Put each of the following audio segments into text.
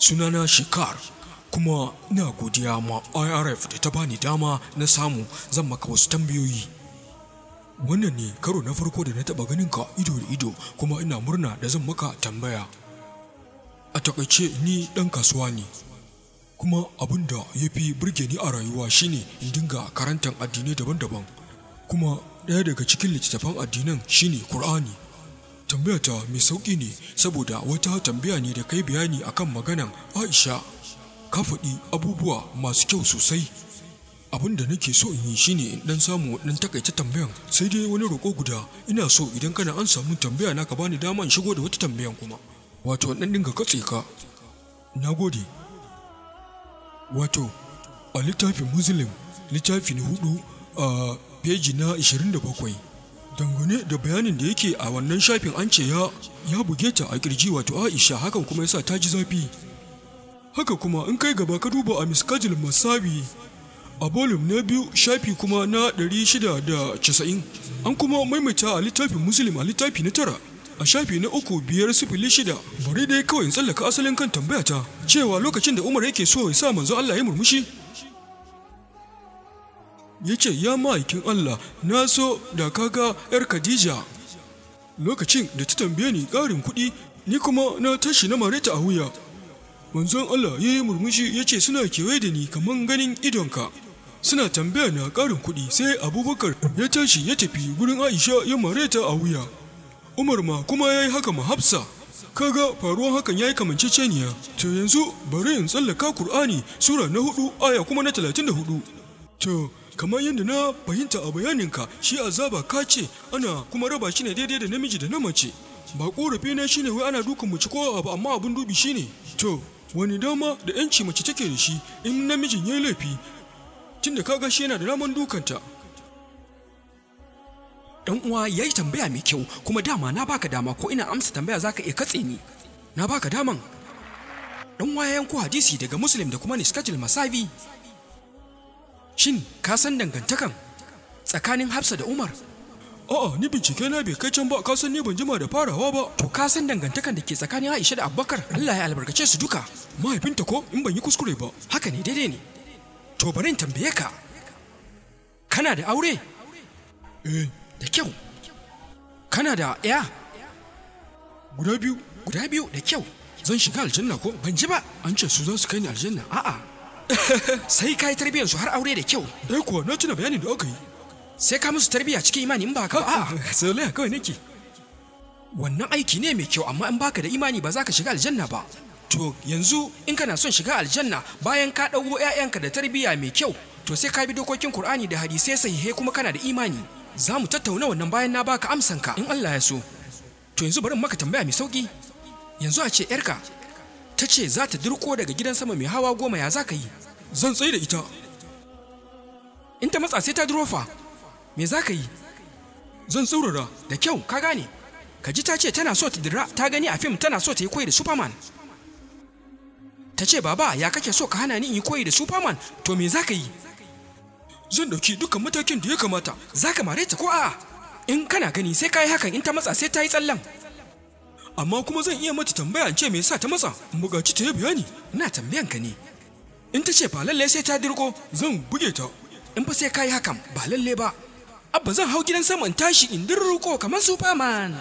sunana shikar kuma ina godiya ma irf da ta bani dama na samu zan maka wasu tambayoyi wannan ne karo na farko da na taɓa ganin ka ido da ido kuma ina murna da zan maka tambaya a takaice ni dan kasuwa ne kuma abin da ya fi burge ni a rayuwa shine in dinga karantar addinai daban-daban kuma ɗaya daga cikin littattafan addinan shine kur'ani tambaya ta mai sauƙi ne saboda wata tambaya ne da kai bayani akan maganan aisha ka faɗi abubuwa masu kyau sosai abin da nake so in yi shine in dan samu dan takaita tambayan sai dai wani roƙo guda ina so idan kana an samu tambaya na ka bani dama in shigo da wata tambayan kuma wato dan dinga katse ka nagode wato a littafin muslim littafin hudu a peji na 27 dangane da bayanin da yake a wannan shafin an ce ya ya buge ta a kirji wato aisha hakan kuma yasa ta ji zafi haka kuma in kai gaba ka duba a miskajil masabi a bolum na biyu shafi kuma na 690 an kuma maimaita a littafin muslim a littafi na tara a shafi na uku biyar sifili shida bari dai kawai in tsallaka asalin kan tambaya ta cewa lokacin da umar yake so ya sa manzo allah ya murmushi ya ce ya ma'aikin Allah na so da kaga ‘yar Khadija lokacin da ta tambaye ni ƙarin kuɗi ni kuma na tashi na mareta a wuya manzon Allah ya yi murmushi ya ce suna kewaye da ni kaman ganin idonka suna tambaya na ƙarin kuɗi sai abubakar ya tashi ya tafi gurin aisha ya mareta a wuya umar ma kuma ya yi haka ma hafsa kaga faruwan hakan ya yi kamanceceniya to yanzu bari in tsallaka kur'ani sura na hudu aya kuma na talatin da hudu To, kamar yadda na fahimta a bayaninka shi azaba ka ce ana kuma raba shi ne daidai da namiji da na mace. Ba ƙorafi na shine wai ana dukan mace ko abu amma abin dubi shine. To, wani dama da ‘yanci mace take da shi in namijin ya yi laifi tun da kaga shi yana da naman dukanta. dan uwa yi tambaya mai kyau kuma dama na baka dama ko ina amsa tambaya zaka iya katse ni na baka daman dan uwa ya yanko hadisi daga muslim da kuma Niskajil masabi shin ka san dangantakan tsakanin hafsa da umar a'a ni bincike na bai kai can ba ka san ni ban jima da farawa ba to ka san dangantakan da ke tsakanin aisha da abubakar allah ya albarkace su duka mahaifinta ko in ban yi kuskure ba haka ne daidai ne to bari in tambaye ka kana da aure eh da kyau kana da ya guda biyu guda biyu da kyau zan shiga aljanna ko ban ji ba an ce su za su kai ni aljanna a'a sai ka yi har aure da kyau eh kuwa na tuna bayanin da aka yi sai ka musu tarbiyya cikin imani in ba ka ba a kawai nake wannan aiki ne mai kyau amma in baka da imani ba za ka shiga aljanna ba to yanzu in kana son shiga aljanna bayan ka ɗauko 'ya'yanka da tarbiyya mai kyau to sai ka bi dokokin Kur'ani da hadisai sahihai kuma kana da imani za mu tattauna wannan bayan na baka amsanka in Allah ya so to yanzu bari maka tambaya mai sauki yanzu a ce yarka ta ce za ta durko daga gidan sama mai hawa goma ya za ka yi zan tsaye da ita in ta matsa sai ta durofa me za ka yi zan tsaurara da kyau ka gane ka ji ta ce tana so ta dira ta gani a fim tana so ta yi koyi da superman ta ce baba ya kake so ka hana ni in yi koyi da superman to me za ka yi zan ɗauki dukkan matakin da ya kamata za ka mare ta ko a'a in kana gani sai ka yi hakan in ta matsa sai ta yi tsallan amma kuma zan iya mata tambaya ce me yasa ta matsa bugaci ta yi bayani ina tambayan ka ne in ta ce ba lalle sai ta dirko zan buge ta in fa sai kai hakan ba lalle ba abba zan hau gidan sama in tashi in dirko kamar superman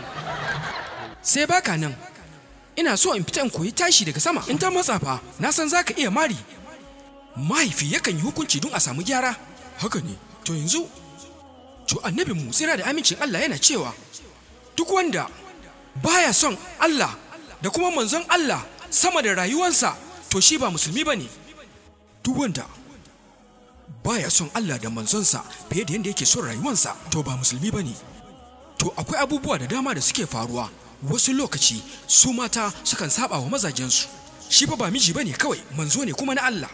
sai baka nan ina so in fita in koyi tashi daga sama in ta matsa fa na san zaka iya mari mahaifi yakan yi hukunci don a samu gyara haka ne to yanzu to annabi mu tsira da amincin Allah yana cewa duk wanda baya son Allah da kuma manzon Allah sama da rayuwarsa to shi ba musulmi ba ne duk wanda baya son Allah da manzonsa fiye da yadda yake son rayuwarsa to ba musulmi ba ne to akwai abubuwa da dama da suke faruwa wasu lokaci su mata sukan saba wa mazajensu shi fa ba miji ba ne kawai manzo ne kuma na Allah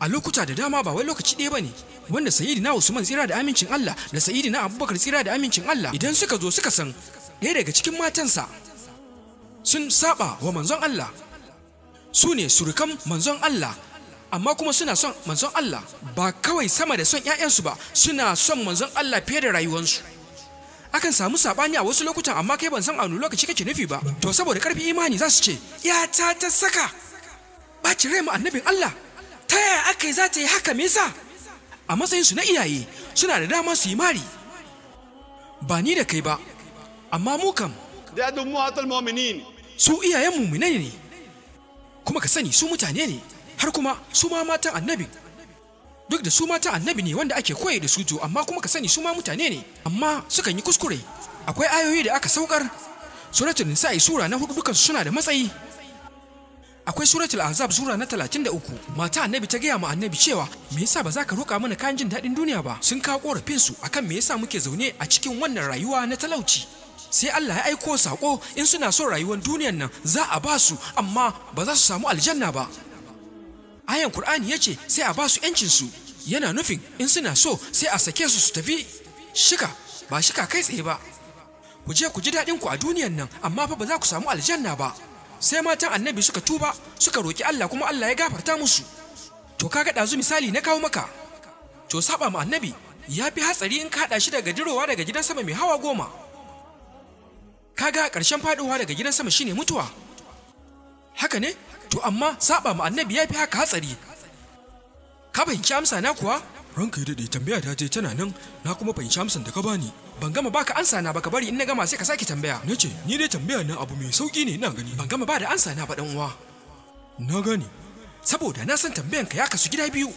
a lokuta da dama ba wai lokaci ɗaya ba ne wanda sayidina usman tsira da amincin Allah da Saidina abubakar tsira da amincin Allah idan suka zo suka san ɗaya daga cikin matansa sun saba wa manzon Allah su ne surukan manzon Allah amma kuma suna son manzon Allah ba kawai sama da son ‘ya'yansu ba suna son manzon Allah fiye da rayuwansu akan samu saɓani a wasu lokutan amma kai ban san a lokaci kake nufi ba to saboda ƙarfin imani za su ce ‘yata ta saka ɓacin rai ma annabin Allah ta yaya aka yi za ta yi haka me sa? a matsayinsu na iyaye suna da dama su yi mari ba ni da kai ba amma mu kam da yadda ne su iyayen mu'minai ne kuma ka sani su mutane ne har kuma su ma matan annabi duk da su mata annabi ne wanda ake koyi da su to amma kuma ka sani su ma mutane ne amma sukan yi kuskure akwai ayoyi da aka saukar suratul nisa'i sura na hudu dukansu suna da matsayi akwai suratul azab sura na uku mata annabi ta gaya ma annabi cewa me yasa ba za ka roƙa mana kayan jin daɗin duniya ba sun kawo ƙorafinsu su akan me yasa muke zaune a cikin wannan rayuwa na talauci sai Allah ya aiko sako in suna son rayuwar duniyan nan za a ba su amma ba za su samu aljanna ba ayan ya ce sai a ba su yancin su yana nufin in suna so sai a sake su su tafi shika ba shika kai tsaye ba ku je ku ji daɗin ku a duniyan nan amma fa ba za ku samu aljanna ba sai matan annabi suka tuba suka roki Allah kuma Allah ya gafarta musu to ga ɗazu misali na kawo maka to saba ma annabi ya fi hatsari in ka haɗa shi daga dirowa daga gidan sama mai hawa goma kaga ƙarshen faɗowa daga gidan sama shine mutuwa haka ne to amma saba ma annabi ya fi haka hatsari ka fahimci amsa na kuwa ranka ya daɗe tambaya ta je tana nan na kuma fahimci Amsa da ka bani ban gama baka ansa na baka bari in na gama sai ka sake tambaya na ce ni dai tambaya na abu mai sauki ne ina gani ban gama ba da ansa na ba dan uwa na gane saboda na san tambayan ka ya kasu gida biyu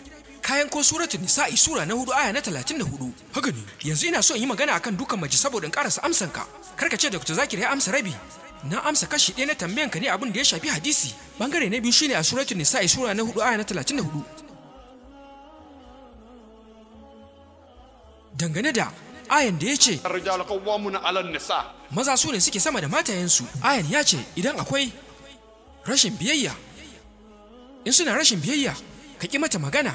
kayan ko suratul nisa'i sura na hudu aya na talatin da hudu haka yanzu ina so in yi magana akan dukan maji saboda in karasa amsan ka karka ce dr zakir ya amsa rabi na amsa kashi ɗaya na tambayan ka ne abin da ya shafi hadisi bangare na biyu shine a suratul nisa'i sura na hudu aya na talatin da hudu dangane da ayan da ya ce maza su ne suke sama da matayensu ayan ya ce idan akwai rashin biyayya in suna rashin biyayya ka ki mata magana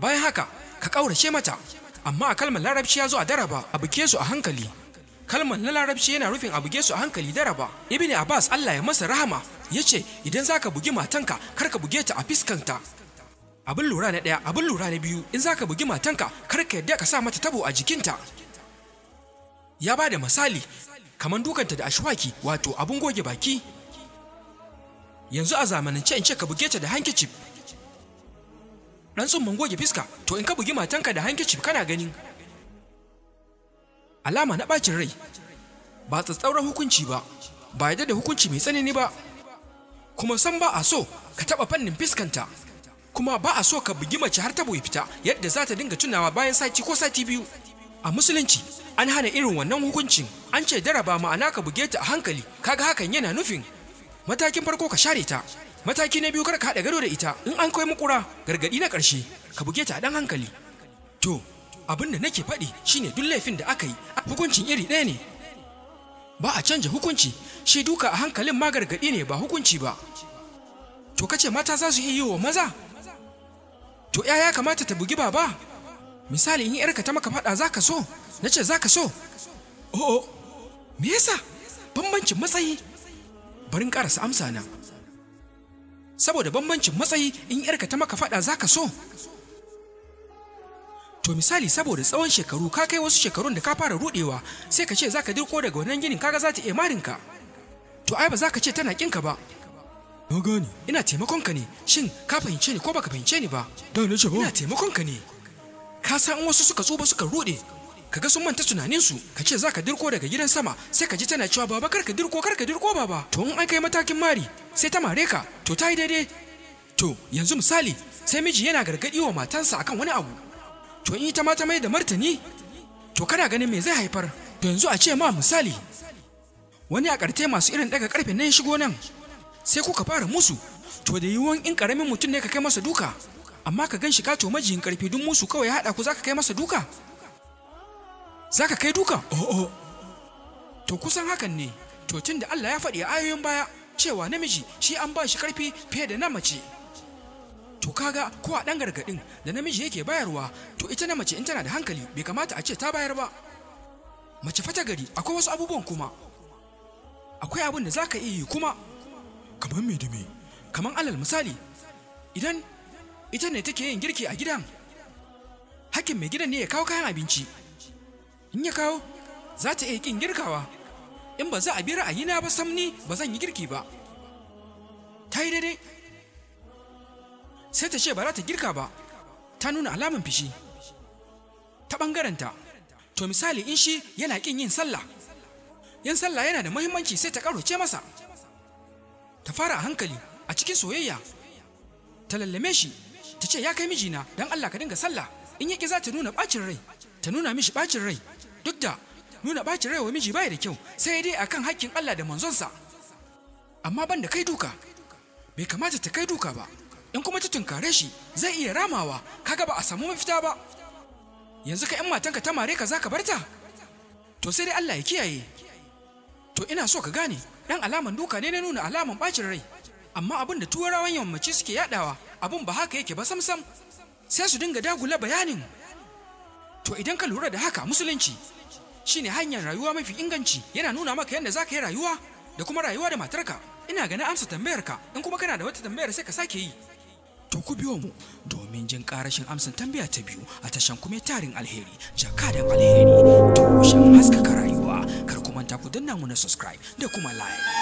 bayan haka ka ƙaurace mata amma a kalmar larabci ya zo a daraba a buke su a hankali kalmar na larabci yana rufin a buge su a hankali daraba ibn abbas allah ya masa rahama ya ce idan za ka bugi matanka kar ka buge ta a fiskanta abin lura na ɗaya abin lura na biyu in za ka bugi matanka kar ka yadda ka sa mata tabo a jikinta ya ba da misali kamar dukanta da ashwaki wato abin goge baki yanzu a zamanance in ce ka buge ta da hankicif dan tsumman goge fiska to in ka bugi matanka da hankicif kana gani alama na ɓacin rai ba tsatsauran hukunci ba ba yadda da hukunci mai tsanani ba kuma san ba a so ka taɓa fannin fiskanta kuma ba a so ka bugi mace har ta ya fita yadda za ta dinga tunawa bayan sati ko sati biyu a musulunci an hana irin wannan hukuncin an ce daraba ma'ana ka buge ta a hankali kaga hakan yana nufin matakin farko ka share ta mataki na biyu kar ka haɗa gado da ita in an kai makura gargadi na karshe ka buge ta a hankali to abin da nake faɗi shine duk laifin da aka yi hukuncin iri ɗaya ne ba a canja hukunci shi duka a hankalin ma gargadi ne ba hukunci ba to kace mata za su iya yi wa maza to ya ya kamata ta bugi baba misali in yarka ta maka faɗa za so na ce za so oh, oh me yasa bambancin matsayi barin ƙarasa amsa na saboda bambancin matsayi in yarka ta maka faɗa za so to misali saboda tsawon shekaru ka kai wasu shekarun da ka fara rudewa sai ka ce za ka dirko daga wannan ginin kaga za ta iya marinka to ai ba za ka ce tana kinka ba na gani ina taimakon ka ne shin ka fahimce ni ko baka fahimce ni ba da ne ce ba ina taimakon ka ne ka san wasu suka tsuba suka rude Ka ga sun manta tunanin su kace zaka dirko daga gidan sama sai ka ji tana cewa baba karka dirko karka dirko baba to in an kai matakin mari sai ta mare ka to ta yi daidai to yanzu misali sai miji yana gargadi wa matansa akan wani abu to in ita ma ta mai da martani to kana ganin me zai haifar to yanzu a ce ma misali wani a karte masu irin daga karfe nan shigo nan sai kuka fara musu to da yiwuwan in karamin mutum ne ka kai masa duka amma ka gan shi ka to majiyin karfi dun musu kawai haɗa ku za ka kai masa duka za ka kai duka. o'o oh, oh. to kusan hakan ne to tun da Allah ya faɗi a ayoyin baya cewa namiji shi an ba shi ƙarfi fiye da na mace to kaga ko a ɗan gargaɗin da namiji yake bayarwa to ita na mace in tana da hankali bai kamata a ce ta bayar ba mace fata gari akwai wasu abubuwan kuma akwai abin da za ka iya yi kuma kamar me da me kamar alal misali idan ita ne take yin girki a gidan hakkin mai gidan ne ya kawo kayan abinci in ya kawo za ta iya ƙin girkawa in ba za a bi ra'ayina ba samni ba zan yi girki ba ta yi daidai sai ta ce ba za ta girka ba ta nuna alaman fishi ta ɓangarenta to misali in shi yana ƙin yin sallah yin sallah yana da muhimmanci sai ta ce masa ta fara a hankali a cikin soyayya ta lallame shi ta ce ya kai mijina don allah ka dinga sallah in yaƙi za ta nuna ɓacin rai ta nuna mishi ɓacin rai duk da nuna ɓacin rai wa miji baya da kyau sai dai akan hakkin Allah da manzonsa amma ban da kai duka bai kamata ta kai duka ba in kuma ta tunkare shi zai iya ramawa kaga ba a samu mafita ba yanzu ka yan matanka ta mare ka za ka barta to sai dai Allah ya kiyaye to ina so ka gane dan alaman duka ne na nuna alaman ɓacin rai amma abin da tuwarawan yammaci suke yadawa abin ba haka yake ba samsam sai su dinga dagula bayanin to idan ka lura da haka musulunci shine hanyar rayuwa mafi inganci yana nuna maka yadda za ka yi rayuwa da kuma rayuwa da matarka ina ganin amsa tambayarka in kuma kana da wata tambayar sai ka sake yi to ku biyo mu domin jin karashin amsan tambaya ta biyu a tashan kuma tarin alheri jakadan alheri to haskaka rayuwa kar ku manta ku danna mu na subscribe da kuma like